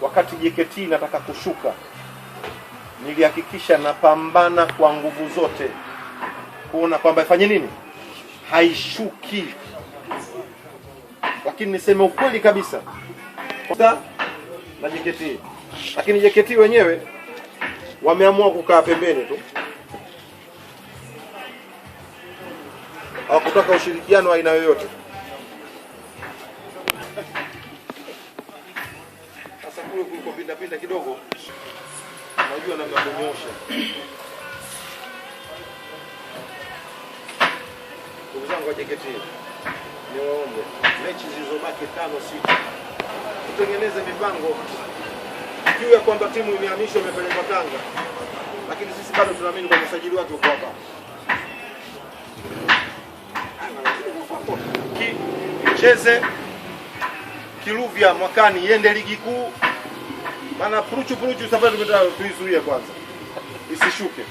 wakati JKT nataka kushuka, nilihakikisha napambana kwa nguvu zote kuona kwamba ifanye nini, haishuki. Lakini niseme ukweli kabisa na JKT, lakini JKT wenyewe wameamua kukaa pembeni tu, hawakutaka ushirikiano aina yoyote. kule kuliko pinda pinda kidogo, unajua namna kunyosha. Ndugu zangu wa JKT, niwaombe mechi zilizobaki tano sita, tutengeneze mipango juu ya kwamba timu imehamishwa imepelekwa Tanga, lakini sisi bado tunaamini kwa usajili wake uko hapa cheze Kiluvya mwakani iende ligi kuu maana puruchu puruchu safari tuizuie kwanza isishuke,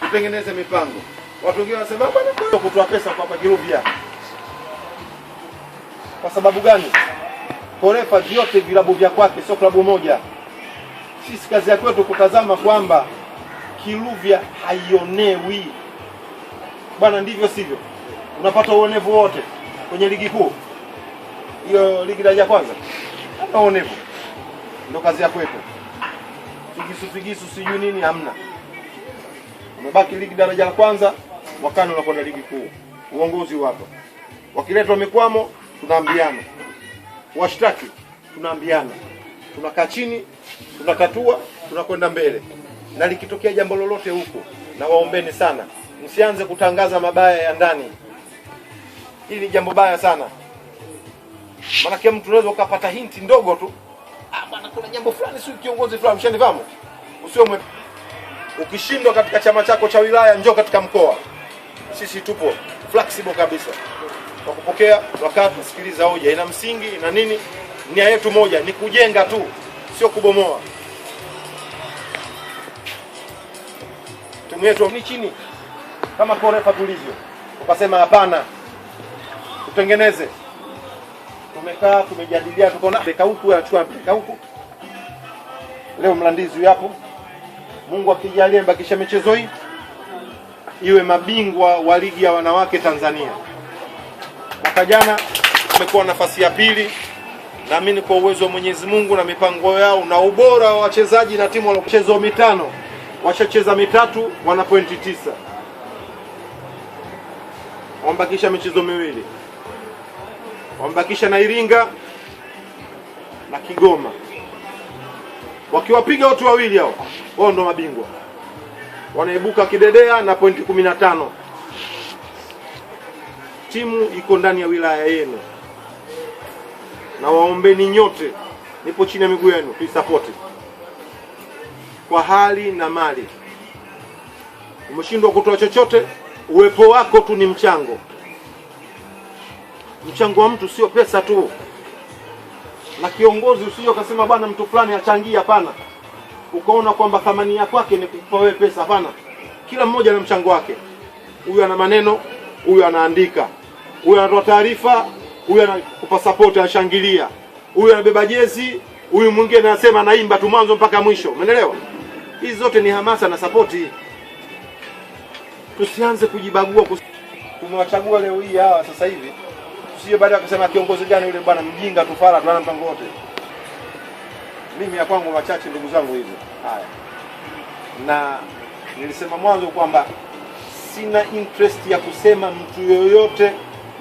tutengeneze mipango. Watu wengine wanasema bwana, kutoa pesa kwa Pagiluvya kwa sababu gani? Korefa vyote vilabu vya kwake, sio klabu moja. Sisi kazi ya kwetu kutazama kwamba kiruvya haionewi bwana, ndivyo sivyo? Unapata uonevu wote kwenye ligi kuu, hiyo ligi daraja kwanza, hata uonevu ndo kazi yako ipo. Figisu figisu sijui nini hamna. Umebaki ligi daraja la kwanza, wakano unakwenda ligi kuu. Uongozi wapo. Wakiletwa mikwamo tunaambiana. Washtaki tunaambiana. Tunakaa chini, tunakatua tunakwenda mbele. Na likitokea jambo lolote huko, na waombeni sana, msianze kutangaza mabaya ya ndani. Hili ni jambo baya sana, manake mtu unaweza ukapata hinti ndogo tu bwana, kuna jambo fulani, si kiongozi fulani, mshanifahamu. Usiwe mwe ukishindwa katika chama chako cha wilaya, njoo katika mkoa. Sisi tupo flexible kabisa kwa kupokea wakati, kusikiliza hoja ina msingi na nini. Nia yetu moja ni kujenga tu, sio kubomoa. Timu yetu ni chini kama korefa tulivyo, ukasema hapana, tutengeneze tumekaa tumejadilia, tukaona mpeka huku achukua mpeka huku. Leo Mlandizi yapo, Mungu akijalia mbakisha michezo hii iwe mabingwa wa ligi ya wanawake Tanzania. Mwaka jana tumekuwa nafasi ya pili, naamini kwa uwezo wa Mwenyezi Mungu na mipango yao na ubora wa wachezaji na timu waliochezo mitano washacheza mitatu, wana pointi tisa, wamebakisha michezo miwili wamebakisha na Iringa na Kigoma. Wakiwapiga watu wawili hao, wao ndo mabingwa, wanaibuka kidedea na pointi kumi na tano. Timu iko ndani ya wilaya yenu na waombeni nyote, nipo chini ya miguu yenu, tuisapoti kwa hali na mali. Umeshindwa kutoa chochote, uwepo wako tu ni mchango. Mchango wa mtu sio pesa tu, na kiongozi usije ukasema bwana mtu fulani achangie, Hapana, ukaona kwamba thamani ya kwake ni kukupa wewe pesa. Hapana, kila mmoja na mchango wake. Huyu ana maneno, huyu anaandika, huyu anatoa taarifa, huyu anakupa support, anashangilia, huyu anabeba jezi, huyu mwingine anasema anaimba tu mwanzo mpaka mwisho. Umeelewa? Hizi zote ni hamasa na sapoti. Tusianze kujibagua. Tumewachagua leo hii hawa sasa hivi Tusije baada ya kusema kiongozi gani yule bwana mjinga tufala tuana mpango wote. Mimi ya kwangu machache ndugu zangu hizo. Haya. Na nilisema mwanzo kwamba sina interest ya kusema mtu yoyote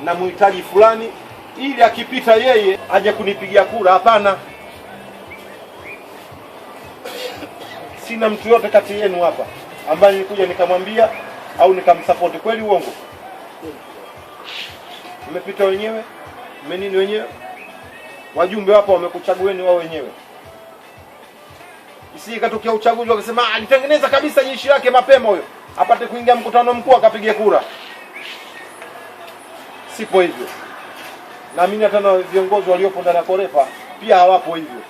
na muhitaji fulani ili akipita yeye aje kunipigia kura. Hapana, sina mtu yoyote kati yenu hapa ambaye nilikuja nikamwambia au nikamsapoti. Kweli uongo? mmepita wenyewe, mmenini wenyewe, wajumbe wapo wamekuchagueni wao wenyewe. Isije ikatokea uchaguzi wakasema ah, alitengeneza kabisa jeshi lake mapema huyo apate kuingia mkutano mkuu akapiga kura. Sipo hivyo, naamini hata na viongozi waliopo ndani ya Korefa pia hawapo hivyo.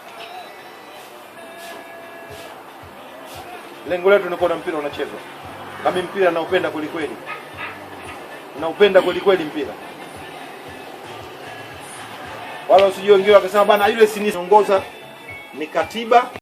Lengo letu ni kuona mpira unachezwa, nami mpira naupenda kwelikweli, naupenda kwelikweli mpira wala usijue wengine wakasema bana yule si niongoza ni katiba